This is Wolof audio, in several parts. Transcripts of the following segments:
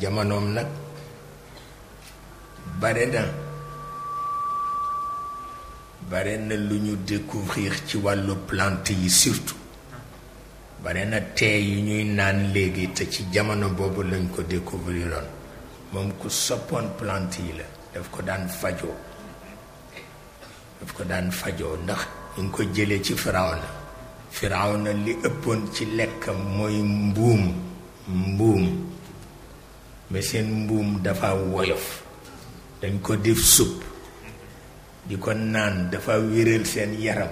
jamonoom nag bare na bare na lu ñu découvrir ci wàllu plante yi surtout bare na tee yu ñuy naan léegi te ci jamono boobu lañ ko découvriroon moom ku soppoon plante yi la daf ko daan fajoo daf ko daan fajoo ndax ñu ko jëlee ci Firawna na li ëppoon ci lekkam mooy mbuum mbuum mais seen mbuum dafa woyof dañ ko def supp di ko naan dafa wéral seen yaram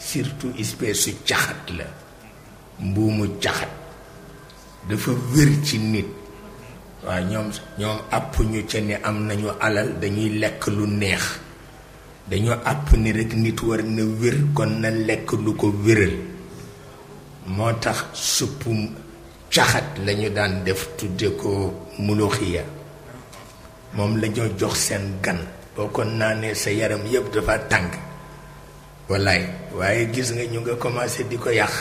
surtout espèce su caxat la mbuumu caxat dafa wér ci nit waaw ñoom ñoom àpp ñu ca ne am nañu alal dañuy lekk lu neex dañu àpp ni rekk nit war na wér kon na lekk lu ko wéral moo tax suppum caxat lañu daan def tudde ko muluxiya moom la ñoo jox seen gan boo naa ne sa yaram yëpp dafa tàng wallaay waaye gis nga ñu nga commencé di ko yàq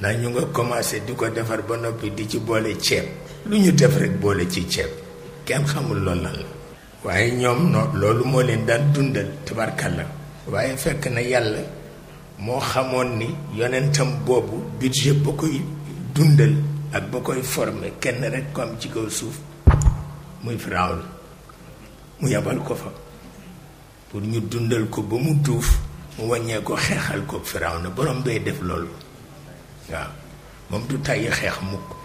na ñu nga commencé di ko defar ba noppi di ci boole ceeb lu ñu def rek boole ci ceeb kenn xamul loolu lan la waaye ñoom no loolu moo leen daan dundal tabarkalla waaye fekk na yàlla moo xamoon ni yonentam boobu budget ba koy dundal ak ba koy formé kenn rek comme ci kaw suuf muy Firawna mu yabal ko fa pour ñu dundal ko ba mu duuf mu wàññee ko xeexal ko Firawna borom bay def loolu waaw moom du tàyyi xeex mukk